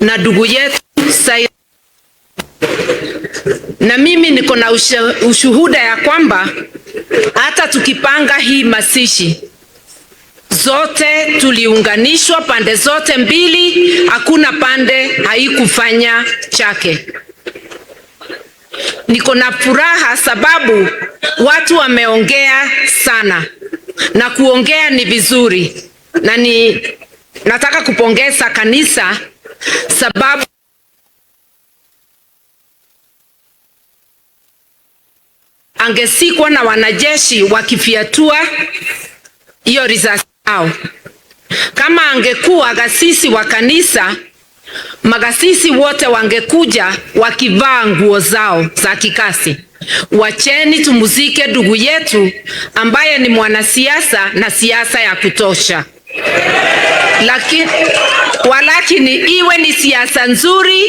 na ndugu yetu Sai. Na mimi niko na ushuhuda ya kwamba hata tukipanga hii mazishi zote tuliunganishwa, pande zote mbili, hakuna pande haikufanya chake. Niko na furaha sababu watu wameongea sana na kuongea ni vizuri, na ni nataka kupongeza kanisa sababu angesikwa na wanajeshi wakifiatua hiyo risasi yao. Kama angekuwa gasisi wa kanisa, magasisi wote wangekuja wakivaa nguo zao za kikasi. Wacheni tumuzike ndugu yetu ambaye ni mwanasiasa na siasa ya kutosha lakini walakini iwe ni siasa nzuri,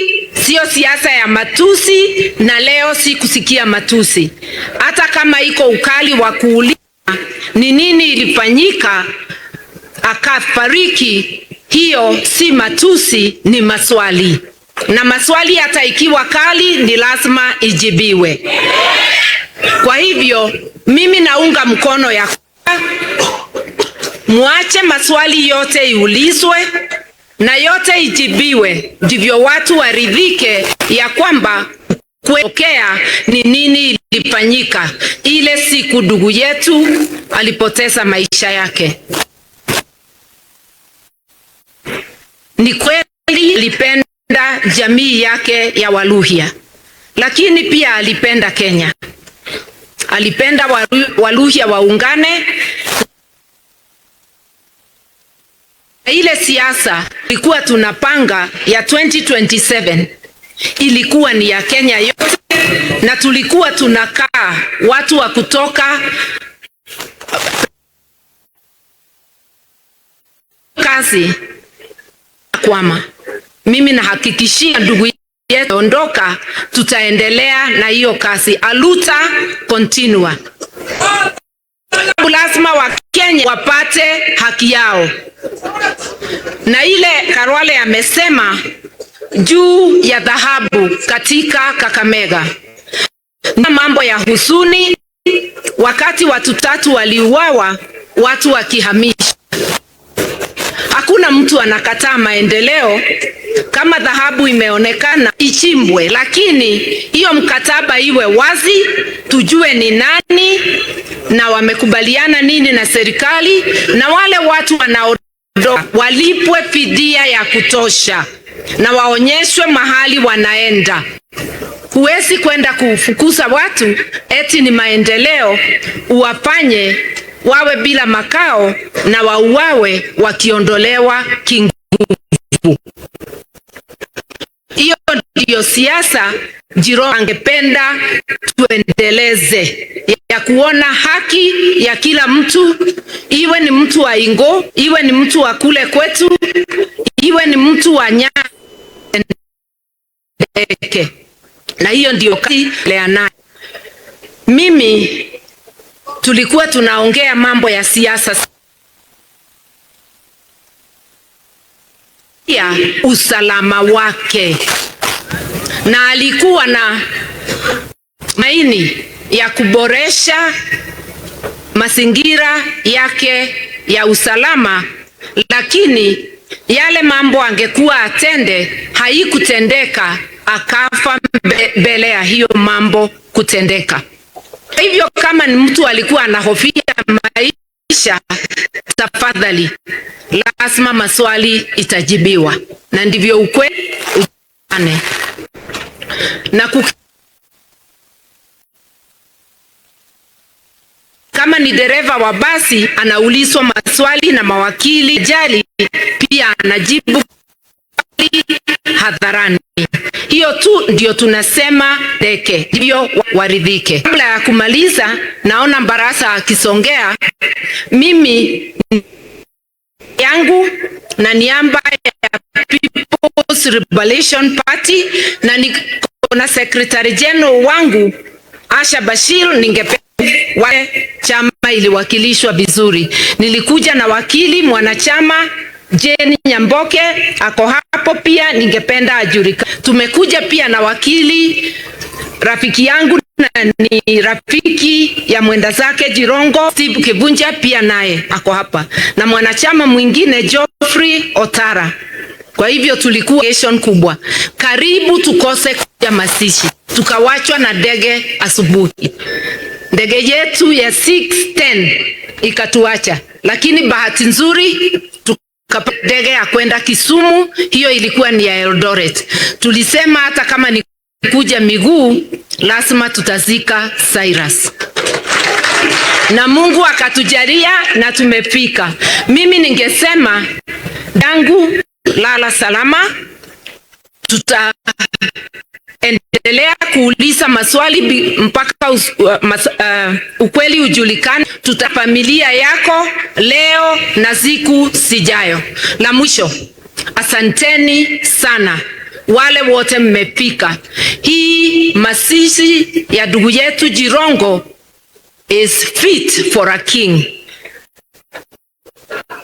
sio siasa ya matusi. Na leo si kusikia matusi, hata kama iko ukali wa kuuliza ni nini ilifanyika akafariki, hiyo si matusi, ni maswali na maswali hata ikiwa kali ni lazima ijibiwe. Kwa hivyo mimi naunga mkono ya Mwache maswali yote iulizwe na yote ijibiwe, ndivyo watu waridhike ya kwamba kuokea ni nini ilifanyika ile siku ndugu yetu alipoteza maisha yake. Ni kweli alipenda jamii yake ya Waluhya, lakini pia alipenda Kenya, alipenda Waluhya waungane Ile siasa ilikuwa tunapanga ya 2027 ilikuwa ni ya Kenya yote, na tulikuwa tunakaa watu wa kutoka kazi kwama. Mimi nahakikishia ndugu yetu ondoka, tutaendelea na hiyo kazi aluta continua lazima Wakenya wapate haki yao, na ile Karwale amesema juu ya dhahabu katika Kakamega na mambo ya huzuni, wakati watu tatu waliuawa, watu wakihamisha. Hakuna mtu anakataa maendeleo kama dhahabu imeonekana ichimbwe, lakini hiyo mkataba iwe wazi, tujue ni nani na wamekubaliana nini na serikali, na wale watu wanaondoka walipwe fidia ya kutosha na waonyeshwe mahali wanaenda. Huwezi kwenda kufukuza watu eti ni maendeleo uwafanye wawe bila makao na wauawe wakiondolewa kinguvu. Hiyo ndiyo siasa Jiro angependa tuendeleze ya kuona haki ya kila mtu, iwe ni mtu wa Ingo, iwe ni mtu wa kule kwetu, iwe ni mtu wa Nyandeke. Na hiyo ndio kazi leana. Mimi tulikuwa tunaongea mambo ya siasa ya usalama wake, na alikuwa na maini ya kuboresha mazingira yake ya usalama, lakini yale mambo angekuwa atende haikutendeka, akafa mbele ya hiyo mambo kutendeka. Hivyo kama ni mtu alikuwa anahofia maisha, tafadhali, lazima maswali itajibiwa, na ndivyo ukweli na Kama ni dereva wa basi, anaulizwa maswali na mawakili jali, pia anajibu hadharani. Hiyo tu ndio tunasema deke ndio waridhike. Kabla ya kumaliza, naona barasa akisongea, mimi yangu na niamba ya People's Liberation Party na niko na Secretary General wangu Asha Bashir ningependa wa chama iliwakilishwa vizuri. Nilikuja na wakili mwanachama Jane Nyamboke ako hapo pia, ningependa ajulika. Tumekuja pia na wakili rafiki yangu na ni rafiki ya mwenda zake Jirongo Steve Kivunja, pia naye ako hapa na mwanachama mwingine Geoffrey Otara. Kwa hivyo tulikuwa kubwa, karibu tukose kuja mazishi, tukawachwa na ndege asubuhi ndege yetu ya 610 ikatuacha, lakini bahati nzuri ndege ya kwenda Kisumu, hiyo ilikuwa ni ya Eldoret. Tulisema hata kama ni kuja miguu lazima tutazika Cyrus, na Mungu akatujalia na tumefika. Mimi ningesema dangu, lala salama, tuta Endelea kuuliza maswali mpaka us, uh, mas, uh, ukweli ujulikane. Tuta familia yako leo na siku zijayo. La mwisho, asanteni sana wale wote mmepika hii mazishi ya ndugu yetu Jirongo is fit for a king.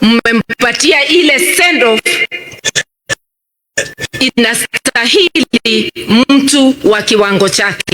Mmempatia ile send off stahili mtu wa kiwango chake.